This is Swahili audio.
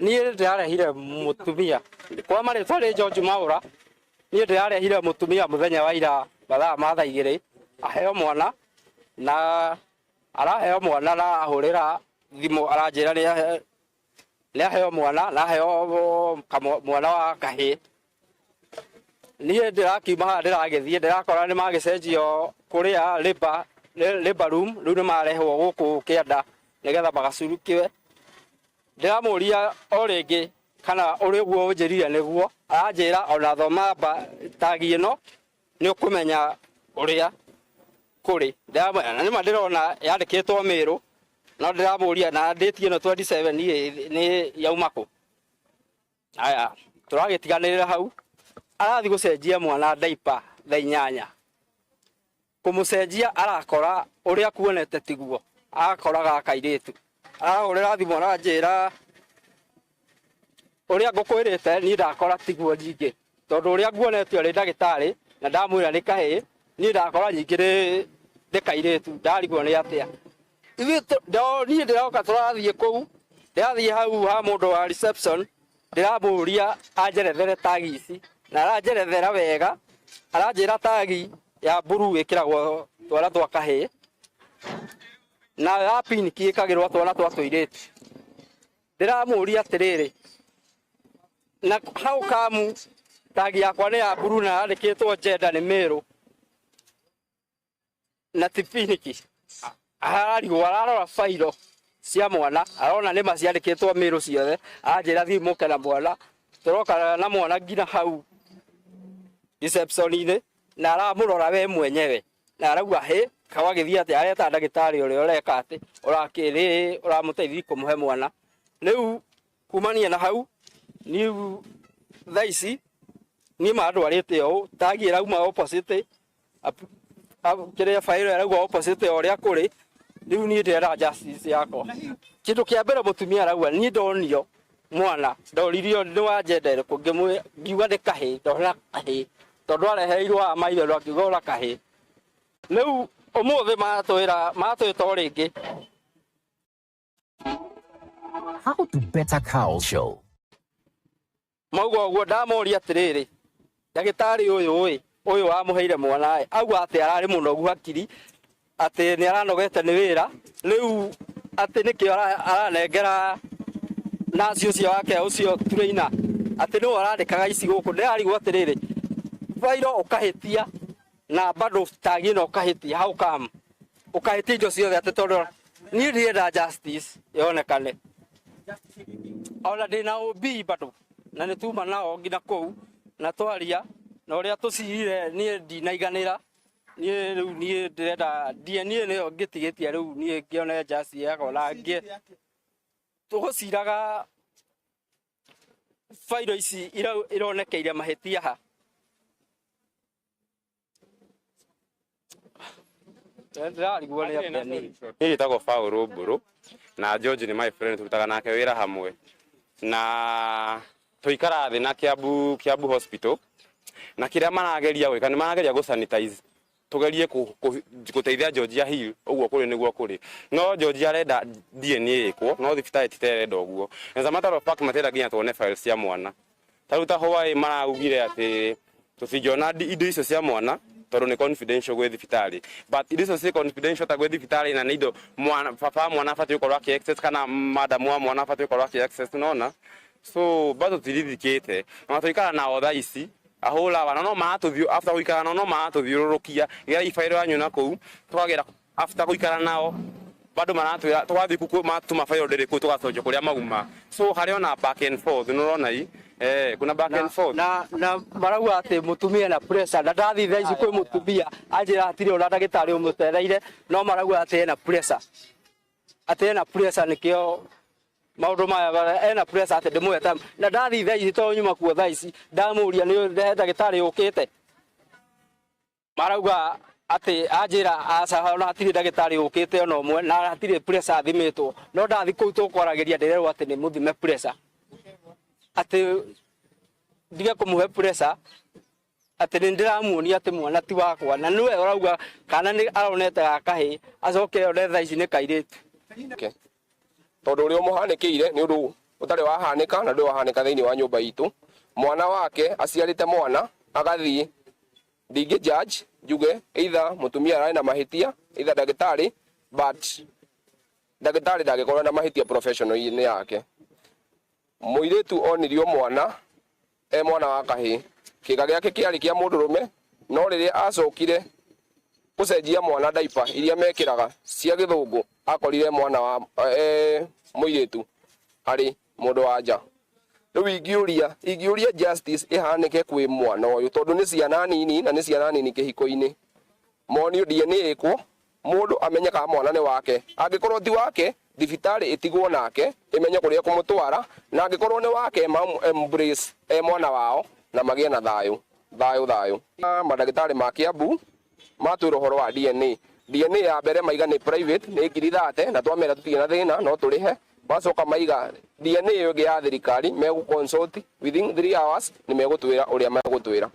niä ndä ndärehire må tumia kwa marä rä George Maura niä ndärehire må tumia må thenya wa ira mathaa matha igä rä aheo mwana na araheo mwana na ahå rä ra thimå aranjä ra nä aheo mwana na aheo mwana wa kahä niä ndä rakiuma haa ndä ragä thiä ndä rakora nä magä cenjio kå rä a rä u nä marehwo gå kå kä enda nä getha magacurukiwe ndiramuria o ringi kana uriguo unjirire niguo aranjira ona thoma tagi ino ni ukumenya uria kuri ndiramwira nima ndirona yandikitwo miru no ndiramuria na nditi ino 27 ni yauma ku aya turagitiganirira hau arathi gucenjia mwana daipa thaa inyanya kumucenjia arakora uria kuonete tiguo akora gakairitu ahurira thimu aranjira uria ngukwirite ni ndakora tiguo nyingi tondu uria nguonete uri ndagitari na ndamwira ni kahii ni ndakora nyingi ni kairitu ndarigwo ni atia niä ndä roka tå rathiä kå u hau ha må wa reception ndä anjerethere tagi ici na aranjerethera wega aranjä ra tagi ya mburu ä kä ragwo twara twa kahä na api ni kiikagirwa twana twa tuiretu ndiramuria atiriri na hau kamu tagi yakwa ni ya mburu na yandikitwo jenda ni miru na tipiniki ararigwo ararora failo cia mwana arona nä ma ciandäkätwo mä rå ciothe anjä ra thiä må na mwana tå na mwana nginya hau inä na aramå rora we mwenyewe na arauga hä kawagithia atä areta ndagitari uri ureka ati urakiri uramuteithiri kumuhe mwana riu kumania na hau ni thaici ni mandwarite ou tagi irauma opposite kiria fairo iraugwa opposite uria kuri riu ni ndera justice yako kindu kia mbere mutumia araugwa ni ndonio mwana ndoririo ni wa kungimwe ngiuga ni kahii ndona kahii tondu areheirwo amaire ru akiuga ura riu umuthi matwira matwita o ringi How to better cow show mauga ũguo ndamoria atĩrĩrĩ ndagĩtarĩ ũyũ ĩ ũyũ wamũheire mwanaĩ auga atĩ ararĩ mũnogu hakiri atĩ nĩ aranogete nĩ wĩra rĩu atĩ nĩkĩo aranengera naci cio wake ũcio turaina atĩ nĩwe arandĩkaga ici gũkũ ndĩrarigwo atĩrĩrĩ vairo ũkahĩtia na bado tagina ukahitia how come jo sio ciothe atä tondå niä ndienda justice yone kale ola de na obi bado na ne tuma na nginya kå u na twaria na å rä a tå ciire niä ndinaiganä ra ni rä u niä ndärenda ndie niä nä yo ngä tigä tie rä u niä ngä one jasi yakona ngä tå gå ciraga bairo ici ironekeire mahä ha hili itagwo Paulo Mburu na George ni my friend turutaga nake wira hamwe na tuikara thi na Kiambu Kiambu hospital na kiria marageria gwika ni marageria go sanitize tugerie guteithia Georgia Hill uguo kuri niguo kuri no Georgia arenda DNA ikwo no thibitari titerenda uguo na matter of fact matera nginya tuone files cia mwana taruta Hawaii maragugire ati tusingiona indo icio cia mwana tondå nä confidential gwä thibitarä but icio cä confidential ta gwä thibitarä na nä indo baba mwana abatiä gå korwo akä access kana madamu wa mwana abatiä gå korwo akä access nona so bado tirithkä te ona tå ikara nao tha ici ahåra wana no maratå after gå ikara nao no maratå thiå rå rå kia gä ra ibairå yanyu na kå u tåkagä ra after gå ikara nao bado maratwä ra tå gathiä ku matå mabairå ndä rä kå u tå gacokia kå rä a mauma so harä ona back and forth nä å rona Eh, kuna back and forth. Na na marauga ati mutumia na pressure na ndathi tha ici kwi mutumia anjira atire ona dagitari umutereire no marauga ati na pressure. Ati ena pressure nikio maundu maya ena pressure ati eta na ndathi tha to nyuma kuo tha ici ndamuria ni dagitari ukite. Marauga ati anjira aca ona atire dagitari ukite ona umwe na atire pressure thimitwo no ndathi kuu tukwaragiria ndirerwo ati ni muthime pressure ati ndige kumuhe pressure ati nindiramuonia ati mwana ti wakwa na niwe urauga kana ni aronete gakahi acoke one tha ici ni kairitu tondu uria umuhanikiire ni undu utari wahanika na nduri wahanika thiini wa nyumba itu mwana wake aciarite mwana agathii ndingi judge njuge either mutumia arari na mahitia either ndagitari but ndagitari ndagikorwo na mahitia professional-ini yake muiretu onirio mwana e mwana wa kahi kiga giake kiari kia mundurume no riria acokire gucenjia mwana daipa iria mekiraga cia githungu akorire mwana wa e, muiretu ari mundu wa nja riu ingiuria ingiuria justice ihanike kwi mwana uyu tondu ni ciana nini na ni ciana nini kihiko-ini monio DNA ikwo mundu amenyaga mwanane wake angikorwo ti wake thibitari tigwo nake imenye kå rä a kå må twara na angä korwo nä wake e mwana wao na magä e na thayå thayå thayu madagitari ma kä ambu matwä ra å horo wa dna dna ya mbere maiga nä private nä ngiri na twamera tå tige na thä na no turihe rä he macoka maiga dna ä yo ngä ya thirikari megå within 3 hours nä megå twä ra å rä a megå twä ra